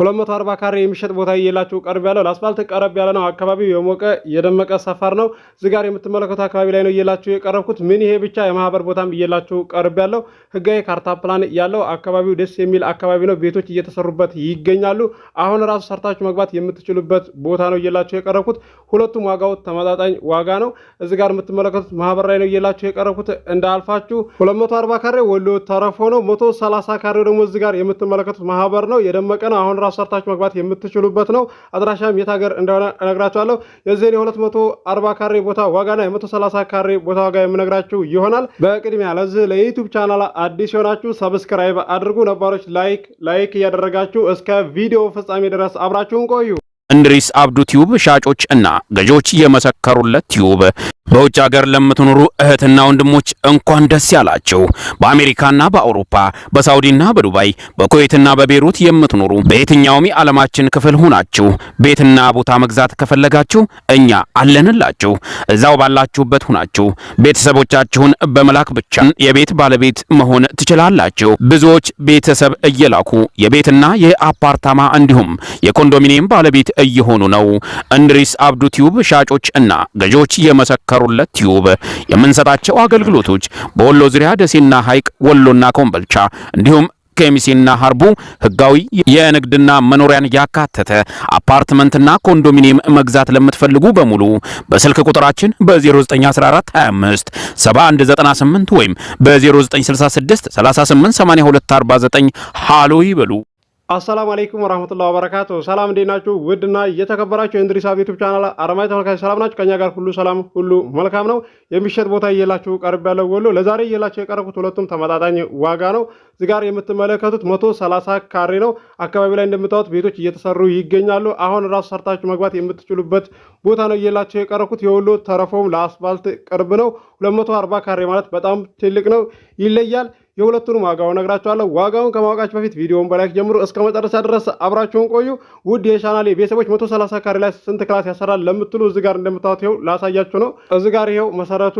240 ካሬ የሚሸጥ ቦታ እየላችሁ ቀርብ ያለው ለአስፋልት ቀረብ ያለ ነው። አካባቢው የሞቀ የደመቀ ሰፈር ነው። እዚህ ጋር የምትመለከቱ አካባቢ ላይ ነው እየላችሁ የቀረብኩት። ምን ይሄ ብቻ የማህበር ቦታም እየላችሁ ቀርብ ያለው ህጋዊ ካርታ ፕላን ያለው አካባቢው ደስ የሚል አካባቢ ነው። ቤቶች እየተሰሩበት ይገኛሉ። አሁን ራሱ ሰርታችሁ መግባት የምትችሉበት ቦታ ነው እየላችሁ የቀረብኩት። ሁለቱም ዋጋው ተመጣጣኝ ዋጋ ነው። እዚህ ጋር የምትመለከቱት ማህበር ላይ ነው እየላችሁ የቀረብኩት። እንዳልፋችሁ 240 ካሬ ወሎ ተረፎ ነው። 130 ካሬ ደግሞ እዚህ ጋር የምትመለከቱት ማህበር ነው። የደመቀ ነው። አሁን አሰርታችሁ መግባት የምትችሉበት ነው። አድራሻም የት ሀገር እንደሆነ እነግራችኋለሁ። የዚህን የ240 ካሬ ቦታ ዋጋና የመቶ 130 ካሬ ቦታ ዋጋ የምነግራችሁ ይሆናል። በቅድሚያ ለዚህ ለዩቱብ ቻናል አዲስ የሆናችሁ ሰብስክራይብ አድርጉ። ነባሮች ላይክ ላይክ እያደረጋችሁ እስከ ቪዲዮ ፍጻሜ ድረስ አብራችሁን ቆዩ። እንድሪስ አብዱ ቲዩብ ሻጮች እና ገዢዎች የመሰከሩለት ቲዩብ በውጭ ሀገር ለምትኖሩ እህትና ወንድሞች እንኳን ደስ ያላችሁ። በአሜሪካና በአውሮፓ በሳውዲና በዱባይ በኩዌትና በቤሩት የምትኖሩ በየትኛውም የዓለማችን ክፍል ሆናችሁ ቤትና ቦታ መግዛት ከፈለጋችሁ እኛ አለንላችሁ። እዛው ባላችሁበት ሆናችሁ ቤተሰቦቻችሁን በመላክ ብቻ የቤት ባለቤት መሆን ትችላላችሁ። ብዙዎች ቤተሰብ እየላኩ የቤትና የአፓርታማ እንዲሁም የኮንዶሚኒየም ባለቤት እየሆኑ ነው። እንድሪስ አብዱ ቲዩብ ሻጮች እና ገዢዎች የመሰከሩለት ቲዩብ የምንሰጣቸው አገልግሎቶች በወሎ ዙሪያ ደሴና ሐይቅ፣ ወሎና ኮምበልቻ እንዲሁም ኬሚሴና ሀርቡ ህጋዊ የንግድና መኖሪያን ያካተተ አፓርትመንትና ኮንዶሚኒየም መግዛት ለምትፈልጉ በሙሉ በስልክ ቁጥራችን በ091425 ወይም በ0966 ሃሎ ይበሉ። አሰላሙ አለይኩም ወራህመቱላሂ ወበረካቱ። ሰላም እንዴት ናችሁ? ውድና የተከበራችሁ የእንድሪስ ሀብ ዩቲዩብ ቻናል አረማይ ተመልካች ሰላም ናችሁ? ከኛ ጋር ሁሉ ሰላም፣ ሁሉ መልካም ነው። የሚሸጥ ቦታ እየላችሁ ቀርብ ያለው ወሎ ለዛሬ እየላችሁ የቀረብኩት ሁለቱም ተመጣጣኝ ዋጋ ነው። እዚህ ጋር የምትመለከቱት መቶ ሰላሳ ካሬ ነው። አካባቢ ላይ እንደምታዩት ቤቶች እየተሰሩ ይገኛሉ። አሁን ራሱ ሰርታችሁ መግባት የምትችሉበት ቦታ ነው እየላችሁ የቀረብኩት። የወሎ ተረፎም ለአስፋልት ቅርብ ነው። 240 ካሬ ማለት በጣም ትልቅ ነው። ይለያል። የሁለቱንም ዋጋው ነግራችኋለሁ። ዋጋውን ከማወቃችሁ በፊት ቪዲዮውን በላይክ ጀምሮ እስከ መጨረሻ ድረስ አብራችሁን ቆዩ። ውድ የቻናሌ ቤተሰቦች 130 ካሬ ላይ ስንት ክላስ ያሰራል ለምትሉ እዚህ ጋር እንደምታዩት ይኸው ላሳያችሁ ነው። እዚህ ጋር ይኸው መሰረቱ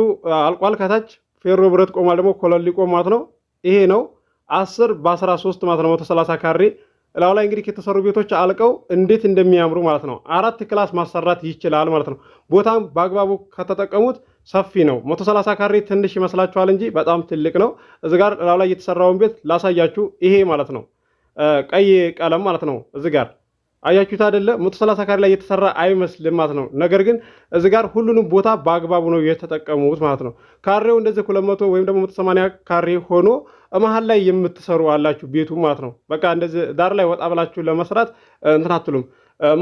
አልቋል። ከታች ፌሮ ብረት ቆማል። ደግሞ ኮለል ቆማት ነው። ይሄ ነው 10 በ13 ማለት ነው 130 ካሬ እላው ላይ እንግዲህ ከተሰሩ ቤቶች አልቀው እንዴት እንደሚያምሩ ማለት ነው። አራት ክላስ ማሰራት ይችላል ማለት ነው። ቦታም በአግባቡ ከተጠቀሙት ሰፊ ነው። 130 ካሬ ትንሽ ይመስላችኋል እንጂ በጣም ትልቅ ነው። እዚህ ጋር ላው ላይ የተሰራውን ቤት ላሳያችሁ። ይሄ ማለት ነው ቀይ ቀለም ማለት ነው። እዚህ ጋር አያችሁት አይደለ? 130 ካሬ ላይ የተሰራ አይመስልም ማለት ነው። ነገር ግን እዚህ ጋር ሁሉንም ቦታ በአግባቡ ነው የተጠቀሙት ማለት ነው። ካሬው እንደዚህ 200 ወይም ደግሞ 180 ካሬ ሆኖ መሀል ላይ የምትሰሩ አላችሁ ቤቱ ማለት ነው። በቃ እንደዚህ ዳር ላይ ወጣ ብላችሁ ለመስራት እንትን አትሉም።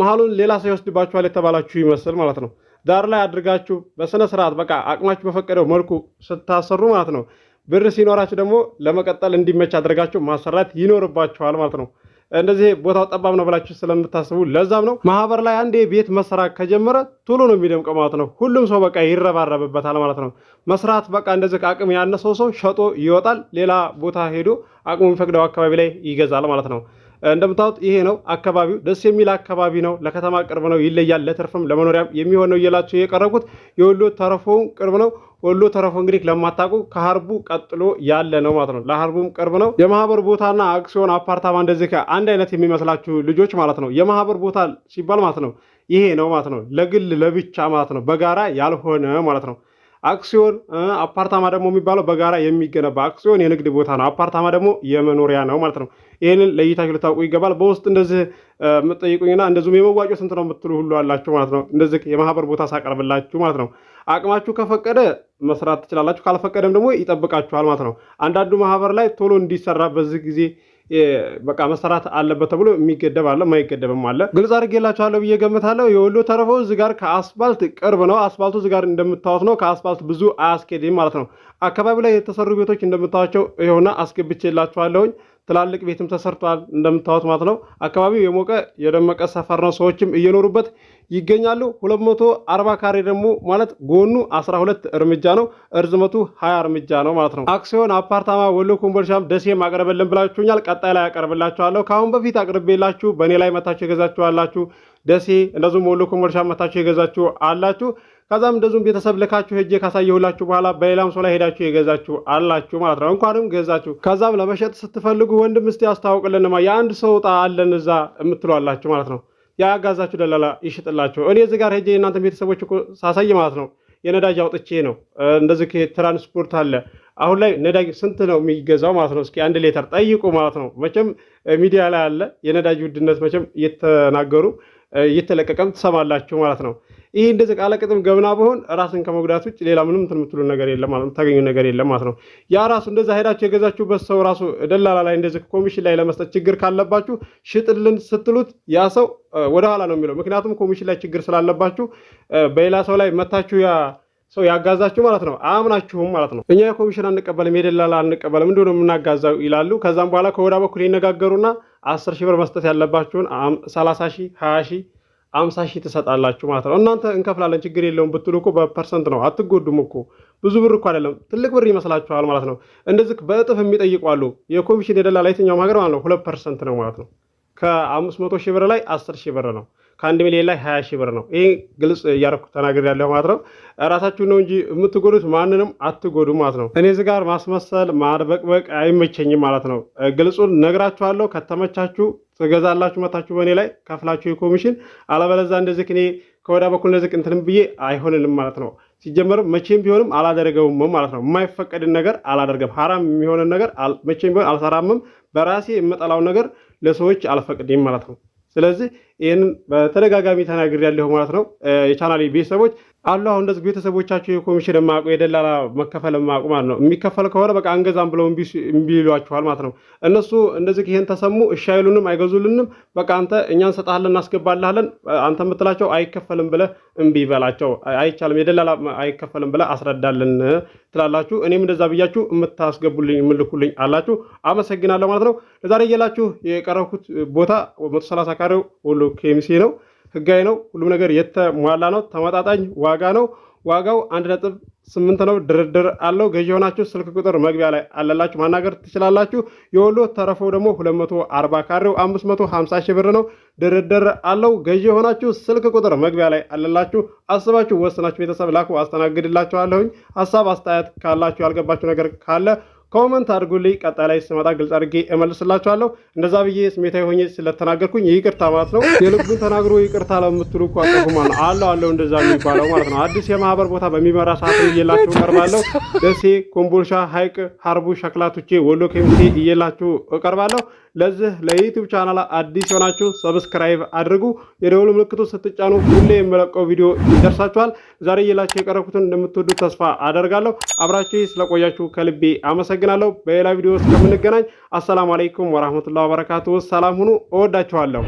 መሀሉን ሌላ ሰው ይወስድባችኋል የተባላችሁ ይመስል ማለት ነው። ዳር ላይ አድርጋችሁ በስነ ስርዓት በቃ አቅማችሁ በፈቀደው መልኩ ስታሰሩ ማለት ነው። ብር ሲኖራችሁ ደግሞ ለመቀጠል እንዲመች አድርጋችሁ ማሰራት ይኖርባችኋል ማለት ነው። እንደዚህ ቦታው ጠባብ ነው ብላችሁ ስለምታስቡ ለዛም ነው ማህበር ላይ አንዴ ቤት መሰራት ከጀመረ ቶሎ ነው የሚደምቀው ማለት ነው። ሁሉም ሰው በቃ ይረባረብበታል ማለት ነው። መስራት በቃ እንደዚህ አቅም ያነሰው ሰው ሸጦ ይወጣል፣ ሌላ ቦታ ሄዶ አቅሙ የሚፈቅደው አካባቢ ላይ ይገዛል ማለት ነው። እንደምታዩት ይሄ ነው አካባቢው። ደስ የሚል አካባቢ ነው። ለከተማ ቅርብ ነው፣ ይለያል። ለትርፍም ለመኖሪያም የሚሆን ነው እየላቸው የቀረቡት የወሎ ተረፎን ቅርብ ነው። ወሎ ተረፎ እንግዲህ ለማታውቁ ከሀርቡ ቀጥሎ ያለ ነው ማለት ነው። ለሀርቡም ቅርብ ነው። የማህበር ቦታና አክሲዮን አፓርታማ እንደዚህ ከአንድ አይነት የሚመስላችሁ ልጆች ማለት ነው። የማህበር ቦታ ሲባል ማለት ነው ይሄ ነው ማለት ነው። ለግል ለብቻ ማለት ነው፣ በጋራ ያልሆነ ማለት ነው። አክሲዮን አፓርታማ ደግሞ የሚባለው በጋራ የሚገነባ አክሲዮን የንግድ ቦታ ነው። አፓርታማ ደግሞ የመኖሪያ ነው ማለት ነው። ይህንን ለይታችሁ ልታውቁ ይገባል። በውስጥ እንደዚህ የምትጠይቁኝና እንደዚሁም የመዋጮ ስንት ነው የምትሉ ሁሉ አላችሁ ማለት ነው። እንደዚህ የማህበር ቦታ ሳቀርብላችሁ ማለት ነው። አቅማችሁ ከፈቀደ መስራት ትችላላችሁ፣ ካልፈቀደም ደግሞ ይጠብቃችኋል ማለት ነው። አንዳንዱ ማህበር ላይ ቶሎ እንዲሰራ በዚህ ጊዜ በቃ መሰራት አለበት ተብሎ የሚገደብ አለ፣ ማይገደብም አለ። ግልጽ አድርጌላችኋለሁ ብዬ ገምታለሁ። የወሎ ተረፈው እዚህ ጋር ከአስፋልት ቅርብ ነው። አስፋልቱ እዚህ ጋር እንደምታዩት ነው። ከአስፋልት ብዙ አያስኬድም ማለት ነው። አካባቢ ላይ የተሰሩ ቤቶች እንደምታዩቸው ይኸውና አስገብቼላችኋለሁኝ። ትላልቅ ቤትም ተሰርቷል እንደምታዩት ማለት ነው። አካባቢው የሞቀ የደመቀ ሰፈር ነው። ሰዎችም እየኖሩበት ይገኛሉ። 240 ካሬ ደግሞ ማለት ጎኑ 12 እርምጃ ነው፣ እርዝመቱ 20 እርምጃ ነው ማለት ነው። አክሲዮን አፓርታማ ወሎ ኮምቦልቻም ደሴም አቅርብልን ብላችሁኛል። ቀጣይ ላይ አቀርብላችኋለሁ። ከአሁን በፊት አቅርቤላችሁ በእኔ ላይ መታችሁ የገዛችኋላችሁ ደሴ እንደዚሁም ወሎ ኮምቦልቻ መታችሁ የገዛችሁ አላችሁ። ከዛም እንደዚሁም ቤተሰብ ልካችሁ ሄጄ ካሳየሁላችሁ በኋላ በሌላም ሰው ላይ ሄዳችሁ የገዛችሁ አላችሁ ማለት ነው። እንኳንም ገዛችሁ። ከዛም ለመሸጥ ስትፈልጉ ወንድም እስቲ አስተዋውቅልንማ የአንድ ሰው እጣ አለን እዛ የምትሏላችሁ ማለት ነው። ያጋዛችሁ ደላላ ይሽጥላችሁ። እኔ እዚህ ጋር ሄጄ እናንተ ቤተሰቦች ሳሳይ ማለት ነው የነዳጅ አውጥቼ ነው እንደዚህ ትራንስፖርት አለ። አሁን ላይ ነዳጅ ስንት ነው የሚገዛው ማለት ነው? እስኪ አንድ ሌተር ጠይቁ ማለት ነው። መቼም ሚዲያ ላይ አለ የነዳጅ ውድነት መቼም እየተናገሩ እየተለቀቀም ትሰማላችሁ ማለት ነው። ይህ እንደዚህ ቃለ ቅጥም ገብና በሆን ራስን ከመጉዳት ውጭ ሌላ ምንም የምትሉ ነገር የለም ማለት ነው። ታገኙ ነገር የለም ማለት ነው። ያ ራሱ እንደዛ ሄዳችሁ የገዛችሁበት ሰው ራሱ ደላላ ላይ እንደዚህ ኮሚሽን ላይ ለመስጠት ችግር ካለባችሁ ሽጥልን ስትሉት ያ ሰው ወደኋላ ነው የሚለው። ምክንያቱም ኮሚሽን ላይ ችግር ስላለባችሁ በሌላ ሰው ላይ መታችሁ ያ ሰው ያጋዛችሁ ማለት ነው። አያምናችሁም ማለት ነው። እኛ የኮሚሽን አንቀበልም፣ የደላላ አንቀበልም፣ እንደሆነ የምናጋዛው ይላሉ። ከዛም በኋላ ከወዳ በኩል ይነጋገሩና አስር ሺህ ብር መስጠት ያለባችሁን ሰላሳ ሺህ ሀያ ሺህ አምሳ ሺህ ትሰጣላችሁ ማለት ነው። እናንተ እንከፍላለን ችግር የለውም ብትሉ እኮ በፐርሰንት ነው፣ አትጎዱም እኮ ብዙ ብር እኮ አይደለም፣ ትልቅ ብር ይመስላችኋል ማለት ነው። እንደዚህ በእጥፍ የሚጠይቁ አሉ። የኮሚሽን የደላላ የትኛውም ሀገር ማለት ነው ሁለት ፐርሰንት ነው ማለት ነው። ከአምስት መቶ ሺህ ብር ላይ አስር ሺህ ብር ነው። ከአንድ ሚሊዮን ላይ ሀያ ሺህ ብር ነው። ይህ ግልጽ እያደረኩ ተናግር ያለሁ ማለት ነው። ራሳችሁ ነው እንጂ የምትጎዱት ማንንም አትጎዱ ማለት ነው። እኔ እዚህ ጋር ማስመሰል ማድበቅበቅ አይመቸኝም ማለት ነው። ግልጹን ነግራችኋለሁ። ከተመቻችሁ ትገዛላችሁ፣ መታችሁ በእኔ ላይ ከፍላችሁ የኮሚሽን አለበለዛ እንደዚህ እኔ ከወዳ በኩል እንደዚህ እንትንም ብዬ አይሆንልም ማለት ነው። ሲጀመርም መቼም ቢሆንም አላደረገውም ማለት ነው። የማይፈቀድን ነገር አላደርገም። ሀራም የሚሆንን ነገር መቼም ቢሆን አልሰራምም። በራሴ የምጠላውን ነገር ለሰዎች አልፈቅድም ማለት ነው። ስለዚህ ይህንን በተደጋጋሚ ተናግር ያለሁ ማለት ነው። የቻናሌ ቤተሰቦች አሉ። አሁን እንደዚህ ቤተሰቦቻቸው የኮሚሽን የማያውቁ የደላላ መከፈል የማያውቁ ማለት ነው። የሚከፈል ከሆነ በቃ አንገዛም ብለው እምቢ ማለት ነው። እነሱ እንደዚህ ይህን ተሰሙ እሺ አይሉንም፣ አይገዙልንም። በቃ አንተ እኛ እንሰጣለን፣ እናስገባልሃለን። አንተ የምትላቸው አይከፈልም ብለ እምቢ ይበላቸው። አይቻልም፣ የደላላ አይከፈልም ብለ አስረዳልን ትላላችሁ። እኔም እንደዛ ብያችሁ የምታስገቡልኝ የምልኩልኝ አላችሁ። አመሰግናለሁ ማለት ነው። ለዛሬ እየላችሁ የቀረብኩት ቦታ መቶ ሰላሳ ካሬው ሁሉ ብሎ ኬሚሲ ነው። ህጋዊ ነው። ሁሉም ነገር የተሟላ ነው። ተመጣጣኝ ዋጋ ነው። ዋጋው አንድ ነጥብ ስምንት ነው። ድርድር አለው። ገዢ የሆናችሁ ስልክ ቁጥር መግቢያ ላይ አለላችሁ ማናገር ትችላላችሁ። የወሎ ተረፈው ደግሞ 240 ካሬው 550 ሺህ ብር ነው። ድርድር አለው። ገዢ የሆናችሁ ስልክ ቁጥር መግቢያ ላይ አለላችሁ። አስባችሁ ወስናችሁ ቤተሰብ ላኩ፣ አስተናግድላችኋለሁኝ። ሀሳብ አስተያየት ካላችሁ ያልገባችሁ ነገር ካለ ኮመንት አድርጉልኝ። ቀጣይ ላይ ስመጣ ግልጽ አድርጌ እመልስላችኋለሁ። እንደዛ ብዬ ስሜታዊ ሆኜ ስለተናገርኩኝ ይቅርታ ማለት ነው። የልቡን ተናግሮ ይቅርታ ለምትሉ እኮ ነው አለው አለው እንደዛ የሚባለው ማለት ነው። አዲስ የማህበር ቦታ በሚመራ ሰዓት እየላችሁ እቀርባለሁ። ደሴ፣ ኮምቦልሻ፣ ሀይቅ፣ ሀርቡ፣ ሸክላቶቼ፣ ወሎ ኬሚሴ እየላችሁ እቀርባለሁ። ለዚህ ለዩቲዩብ ቻናል አዲስ የሆናችሁ ሰብስክራይብ አድርጉ። የደውል ምልክቱ ስትጫኑ ሁሌ የመለቀው ቪዲዮ ይደርሳችኋል። ዛሬ እየላችሁ የቀረብኩትን እንደምትወዱት ተስፋ አደርጋለሁ። አብራችሁ ስለቆያችሁ ከልቤ አመሰግናለሁ። አመሰግናለሁ። በሌላ ቪዲዮ ውስጥ ከምንገናኝ አሰላሙ አለይኩም ወራህመቱላሂ ወበረካቱሁ። ሰላም ሁኑ። እወዳችኋለሁ።